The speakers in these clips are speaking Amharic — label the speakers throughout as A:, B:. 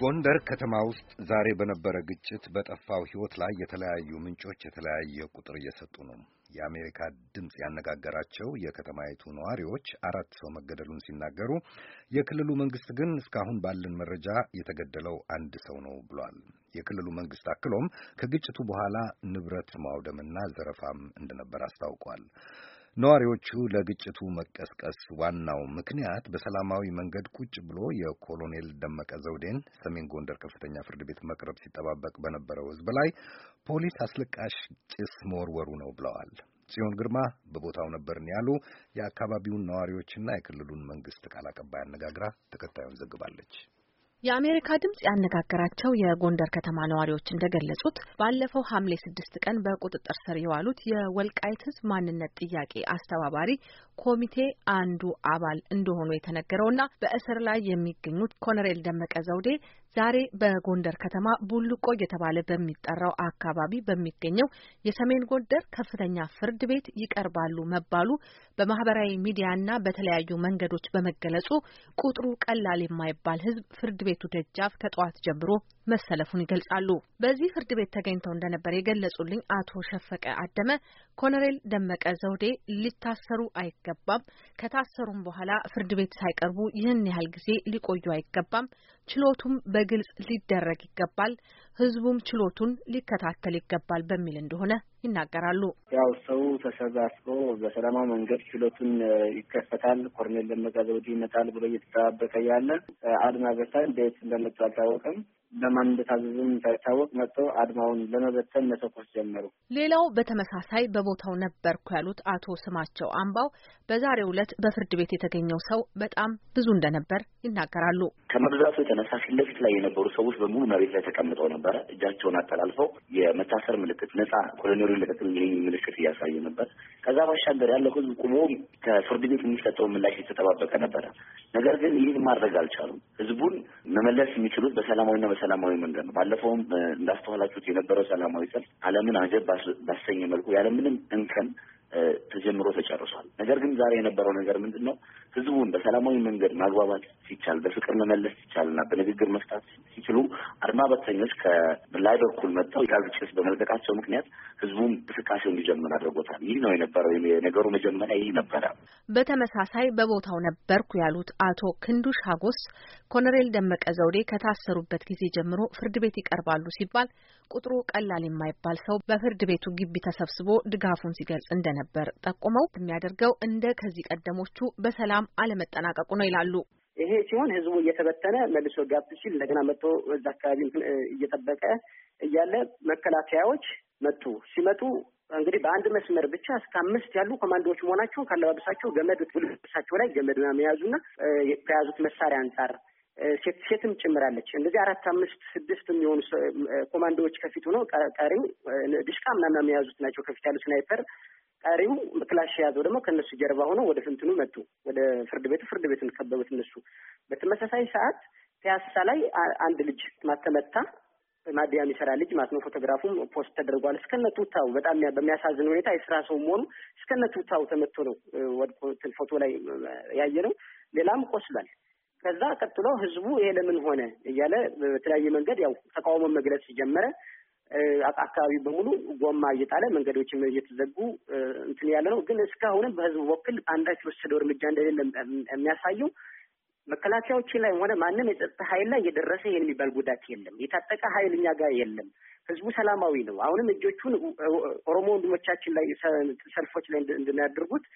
A: ጎንደር ከተማ ውስጥ ዛሬ በነበረ ግጭት በጠፋው ሕይወት ላይ የተለያዩ ምንጮች የተለያየ ቁጥር እየሰጡ ነው። የአሜሪካ ድምፅ ያነጋገራቸው የከተማይቱ ነዋሪዎች አራት ሰው መገደሉን ሲናገሩ፣ የክልሉ መንግስት ግን እስካሁን ባለን መረጃ የተገደለው አንድ ሰው ነው ብሏል። የክልሉ መንግስት አክሎም ከግጭቱ በኋላ ንብረት ማውደምና ዘረፋም እንደነበር አስታውቋል። ነዋሪዎቹ ለግጭቱ መቀስቀስ ዋናው ምክንያት በሰላማዊ መንገድ ቁጭ ብሎ የኮሎኔል ደመቀ ዘውዴን ሰሜን ጎንደር ከፍተኛ ፍርድ ቤት መቅረብ ሲጠባበቅ በነበረው ሕዝብ ላይ ፖሊስ አስለቃሽ ጭስ መወርወሩ ነው ብለዋል። ጽዮን ግርማ በቦታው ነበርን ያሉ የአካባቢውን ነዋሪዎችና የክልሉን መንግስት ቃል አቀባይ አነጋግራ ተከታዩን ዘግባለች።
B: የአሜሪካ ድምጽ ያነጋገራቸው የጎንደር ከተማ ነዋሪዎች እንደገለጹት ባለፈው ሐምሌ ስድስት ቀን በቁጥጥር ስር የዋሉት የወልቃይት ሕዝብ ማንነት ጥያቄ አስተባባሪ ኮሚቴ አንዱ አባል እንደሆኑ የተነገረውና በእስር ላይ የሚገኙት ኮሎኔል ደመቀ ዘውዴ ዛሬ በጎንደር ከተማ ቡልቆ እየተባለ በሚጠራው አካባቢ በሚገኘው የሰሜን ጎንደር ከፍተኛ ፍርድ ቤት ይቀርባሉ መባሉ በማህበራዊ ሚዲያና በተለያዩ መንገዶች በመገለጹ ቁጥሩ ቀላል የማይባል ሕዝብ ፍርድ ቤት ቤቱ ደጃፍ ከጠዋት ጀምሮ መሰለፉን ይገልጻሉ። በዚህ ፍርድ ቤት ተገኝተው እንደነበር የገለጹልኝ አቶ ሸፈቀ አደመ ኮሎኔል ደመቀ ዘውዴ ሊታሰሩ አይገባም፣ ከታሰሩም በኋላ ፍርድ ቤት ሳይቀርቡ ይህን ያህል ጊዜ ሊቆዩ አይገባም፣ ችሎቱም በግልጽ ሊደረግ ይገባል ህዝቡም ችሎቱን ሊከታተል ይገባል በሚል እንደሆነ ይናገራሉ።
A: ያው ሰው ተሰባስቦ በሰላማዊ መንገድ ችሎቱን ይከፈታል፣ ኮርኔል ደመቀ ይመጣል ብሎ እየተጠባበቀ ያለ አድማ በታኝ ቤት እንደመጡ አልታወቀም። ለማን እንደታዘዙም ሳይታወቅ መጥቶ አድማውን ለመበተን መተኮስ ጀመሩ።
B: ሌላው በተመሳሳይ በቦታው ነበርኩ ያሉት አቶ ስማቸው አምባው በዛሬው ዕለት በፍርድ ቤት የተገኘው ሰው በጣም ብዙ እንደነበር ይናገራሉ።
A: ከመብዛቱ የተነሳ ፊት ለፊት ላይ የነበሩ ሰዎች በሙሉ መሬት ላይ ተቀምጠው ነበረ። እጃቸውን አጠላልፈው የመታሰር ምልክት ነጻ ኮሎኔሪ ይህ ምልክት እያሳዩ ነበር። ከዛ ባሻገር ያለው ህዝብ ቁሞ ከፍርድ ቤት የሚሰጠው ምላሽ የተጠባበቀ ነበረ። ነገር ግን ይህን ማድረግ አልቻሉም። ህዝቡን መመለስ የሚችሉት በሰላማዊና በሰላማዊ መንገድ ነው። ባለፈውም እንዳስተዋላችሁት የነበረው ሰላማዊ ሰልፍ ዓለምን አጀብ ባሰኘ መልኩ ያለምንም እንከን ተጀምሮ ተጨርሷል። ነገር ግን ዛሬ የነበረው ነገር ምንድን ነው? ህዝቡን በሰላማዊ መንገድ ማግባባት ሲቻል፣ በፍቅር መመለስ ሲቻልና በንግግር መፍታት ሲችሉ አድማ በተኞች ከላይ በኩል መጥተው የጋዝ ጭስ በመልቀቃቸው ምክንያት ህዝቡም እንቅስቃሴ እንዲጀምር አድርጎታል። ይህ ነው የነበረው የነገሩ መጀመሪያ ይህ ነበረ።
B: በተመሳሳይ በቦታው ነበርኩ ያሉት አቶ ክንዱሽ ሀጎስ ኮሎኔል ደመቀ ዘውዴ ከታሰሩበት ጊዜ ጀምሮ ፍርድ ቤት ይቀርባሉ ሲባል ቁጥሩ ቀላል የማይባል ሰው በፍርድ ቤቱ ግቢ ተሰብስቦ ድጋፉን ሲገልጽ እንደነበር ጠቁመው የሚያደርገው እንደ ከዚህ ቀደሞቹ በሰላም ስራም አለመጠናቀቁ ነው ይላሉ።
C: ይሄ ሲሆን ህዝቡ እየተበተነ መልሶ ጋብ ሲል እንደገና መጥቶ በዛ አካባቢ እየጠበቀ እያለ መከላከያዎች መጡ። ሲመጡ እንግዲህ በአንድ መስመር ብቻ እስከ አምስት ያሉ ኮማንዶዎች መሆናቸው ካለባበሳቸው ገመድ ልብሳቸው ላይ ገመድ መያዙና ከያዙት መሳሪያ አንጻር ሴትም ጭምራለች። እንደዚህ አራት አምስት ስድስት የሚሆኑ ኮማንዶዎች ከፊት ሆነው ቀሪው ድሽቃ ምናምን የሚያዙት ናቸው። ከፊት ያሉ ስናይፐር ቀሪው ክላሽ የያዘው ደግሞ ከእነሱ ጀርባ ሆኖ ወደ ፍንትኑ መጡ። ወደ ፍርድ ቤቱ ፍርድ ቤቱን ከበቡት እነሱ። በተመሳሳይ ሰዓት ፒያሳ ላይ አንድ ልጅ ማተመታ ማዲያም ይሰራ ልጅ ማለት ነው። ፎቶግራፉም ፖስት ተደርጓል። እስከነ ቱታው በጣም በሚያሳዝን ሁኔታ የስራ ሰው መሆኑ እስከነ ቱታው ተመቶ ነው ወድቆ ፎቶ ላይ ያየ ነው። ሌላም ቆስሏል። ከዛ ቀጥሎ ህዝቡ ይሄ ለምን ሆነ እያለ በተለያየ መንገድ ያው ተቃውሞ መግለጽ ሲጀመረ አካባቢው በሙሉ ጎማ እየጣለ መንገዶችም እየተዘጉ እንትን ያለ ነው። ግን እስካሁንም በህዝቡ በኩል አንዳች የወሰደው እርምጃ እንደሌለ የሚያሳየው መከላከያዎች ላይ ሆነ ማንም የጸጥታ ኃይል ላይ የደረሰ ይሄን የሚባል ጉዳት የለም። የታጠቀ ኃይል እኛ ጋር የለም። ህዝቡ ሰላማዊ ነው። አሁንም እጆቹን ኦሮሞ ወንድሞቻችን ላይ ሰልፎች ላይ እንድናያደርጉት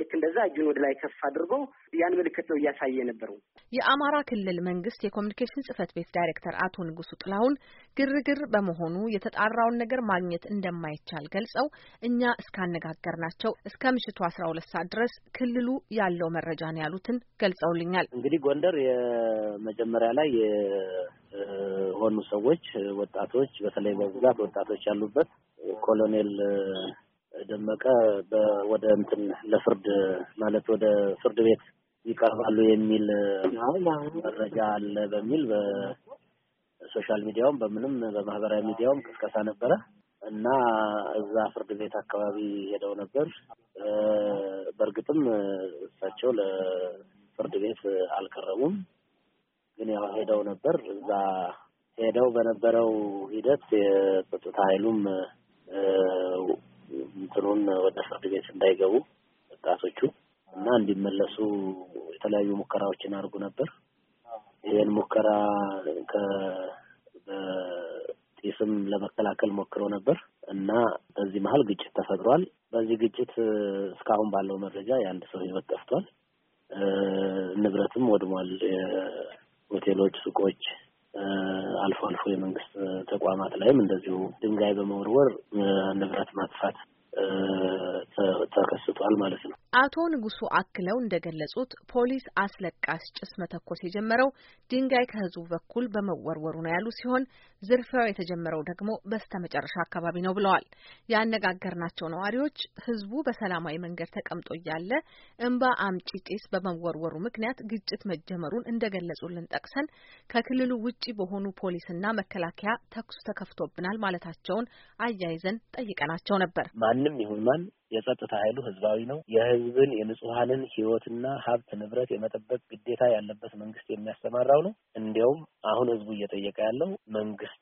C: ልክ እንደዛ እጁን ወደ ላይ ከፍ አድርጎ ያን ምልክት ነው እያሳየ የነበረው።
B: የአማራ ክልል መንግስት የኮሚኒኬሽን ጽህፈት ቤት ዳይሬክተር አቶ ንጉሱ ጥላሁን ግርግር በመሆኑ የተጣራውን ነገር ማግኘት እንደማይቻል ገልጸው እኛ ናቸው እስከ ምሽቱ አስራ ሁለት ሰዓት ድረስ ክልሉ ያለው መረጃ ነው ያሉትን ገልጸውልኛል።
A: እንግዲህ ጎንደር የመጀመሪያ ላይ የሆኑ ሰዎች ወጣቶች፣ በተለይ በብዛት ወጣቶች ያሉበት ኮሎኔል ደመቀ ወደ እንትን ለፍርድ ማለት ወደ ፍርድ ቤት ይቀርባሉ የሚል መረጃ አለ በሚል በሶሻል ሚዲያውም በምንም በማህበራዊ ሚዲያውም ቅስቀሳ ነበረ እና እዛ ፍርድ ቤት አካባቢ ሄደው ነበር። በእርግጥም እሳቸው ለፍርድ ቤት አልቀረቡም፣ ግን ያው ሄደው ነበር። እዛ ሄደው በነበረው ሂደት የጸጥታ ኃይሉም እንትኑን ወደ ፍርድ ቤት እንዳይገቡ ወጣቶቹ እና እንዲመለሱ የተለያዩ ሙከራዎችን አድርጉ ነበር። ይህን ሙከራ በጢስም ለመከላከል ሞክሮ ነበር እና በዚህ መሀል ግጭት ተፈጥሯል። በዚህ ግጭት እስካሁን ባለው መረጃ የአንድ ሰው ህይወት ጠፍቷል። ንብረትም ወድሟል። የሆቴሎች ሱቆች አልፎ አልፎ የመንግስት ተቋማት ላይም እንደዚሁ ድንጋይ በመወርወር ንብረት ማጥፋት ተከስቷል ማለት ነው።
B: አቶ ንጉሱ አክለው እንደገለጹት ፖሊስ አስለቃሽ ጭስ መተኮስ የጀመረው ድንጋይ ከህዝቡ በኩል በመወርወሩ ነው ያሉ ሲሆን ዝርፊያው የተጀመረው ደግሞ በስተመጨረሻ አካባቢ ነው ብለዋል። ያነጋገርናቸው ነዋሪዎች ህዝቡ በሰላማዊ መንገድ ተቀምጦ እያለ እንባ አምጪ ጢስ በመወርወሩ ምክንያት ግጭት መጀመሩን እንደገለጹልን ጠቅሰን ከክልሉ ውጪ በሆኑ ፖሊስና መከላከያ ተኩስ ተከፍቶብናል ማለታቸውን አያይዘን ጠይቀናቸው ነበር። ማንም ይሁን
A: ማን የጸጥታ ኃይሉ ህዝባዊ ነው። የህዝብን የንጹሐንን ህይወትና ሀብት ንብረት የመጠበቅ ግዴታ ያለበት መንግስት የሚያስተማራው ነው። እንዲያውም አሁን ህዝቡ እየጠየቀ ያለው መንግስት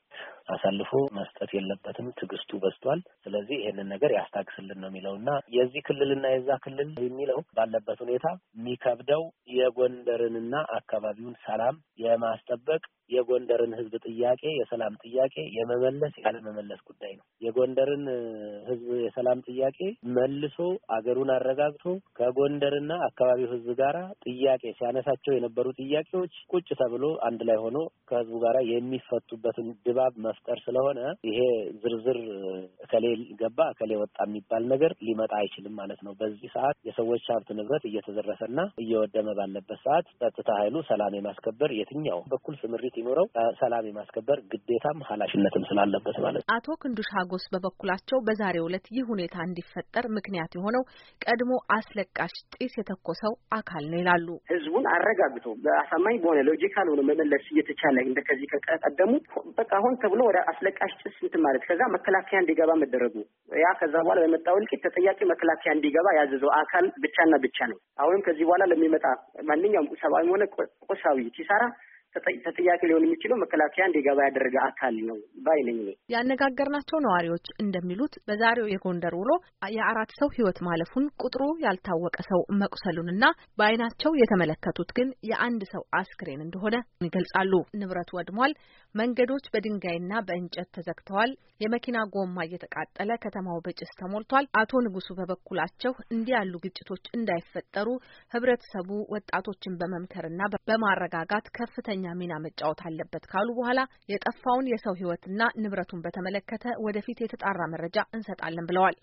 A: አሳልፎ መስጠት የለበትም። ትዕግስቱ በዝቷል። ስለዚህ ይሄንን ነገር ያስታግስልን ነው የሚለው እና የዚህ ክልልና የዛ ክልል የሚለው ባለበት ሁኔታ የሚከብደው የጎንደርንና አካባቢውን ሰላም የማስጠበቅ የጎንደርን ሕዝብ ጥያቄ የሰላም ጥያቄ የመመለስ ያለመመለስ ጉዳይ ነው። የጎንደርን ሕዝብ የሰላም ጥያቄ መልሶ አገሩን አረጋግቶ ከጎንደርና አካባቢው ሕዝብ ጋራ ጥያቄ ሲያነሳቸው የነበሩ ጥያቄዎች ቁጭ ተብሎ አንድ ላይ ሆኖ ከሕዝቡ ጋራ የሚፈቱበትን ድባብ መፍ መፍጠር ስለሆነ ይሄ ዝርዝር እከሌ ገባ እከሌ ወጣ የሚባል ነገር ሊመጣ አይችልም ማለት ነው። በዚህ ሰዓት የሰዎች ሀብት ንብረት እየተዘረፈና እየወደመ ባለበት ሰዓት ጸጥታ ኃይሉ ሰላም የማስከበር የትኛው በኩል ስምሪት ይኖረው ሰላም የማስከበር ግዴታም ኃላፊነትም ስላለበት ማለት ነው።
B: አቶ ክንዱሽ ሀጎስ በበኩላቸው በዛሬው ዕለት ይህ ሁኔታ እንዲፈጠር ምክንያት የሆነው ቀድሞ አስለቃሽ ጢስ የተኮሰው አካል ነው ይላሉ።
C: ህዝቡን አረጋግቶ በአሳማኝ በሆነ ሎጂካል ሆኖ መመለስ እየተቻለ እንደከዚህ ከቀደሙ በቃ አሁን ተብሎ ወደ አስለቃሽ ጭስ እንትን ማለት ከዛ መከላከያ እንዲገባ መደረጉ ያ ከዛ በኋላ በመጣው እልቂት ተጠያቂ መከላከያ እንዲገባ ያዘዘው አካል ብቻና ብቻ ነው። አሁንም ከዚህ በኋላ ለሚመጣ ማንኛውም ቁሳዊም ሆነ ቁሳዊ ኪሳራ ተጠያቂ ሊሆን የሚችለው መከላከያ እንዲገባ ያደረገ አካል ነው ባይ
B: ያነጋገርናቸው ነዋሪዎች እንደሚሉት በዛሬው የጎንደር ውሎ የአራት ሰው ሕይወት ማለፉን ቁጥሩ ያልታወቀ ሰው መቁሰሉንና በአይናቸው የተመለከቱት ግን የአንድ ሰው አስክሬን እንደሆነ ይገልጻሉ። ንብረት ወድሟል። መንገዶች በድንጋይና በእንጨት ተዘግተዋል። የመኪና ጎማ እየተቃጠለ ከተማው በጭስ ተሞልቷል። አቶ ንጉሱ በበኩላቸው እንዲህ ያሉ ግጭቶች እንዳይፈጠሩ ህብረተሰቡ ወጣቶችን በመምከርና በማረጋጋት ከፍተኛ ከፍተኛ ሚና መጫወት አለበት ካሉ በኋላ የጠፋውን የሰው ህይወትና ንብረቱን በተመለከተ ወደፊት የተጣራ መረጃ እንሰጣለን ብለዋል።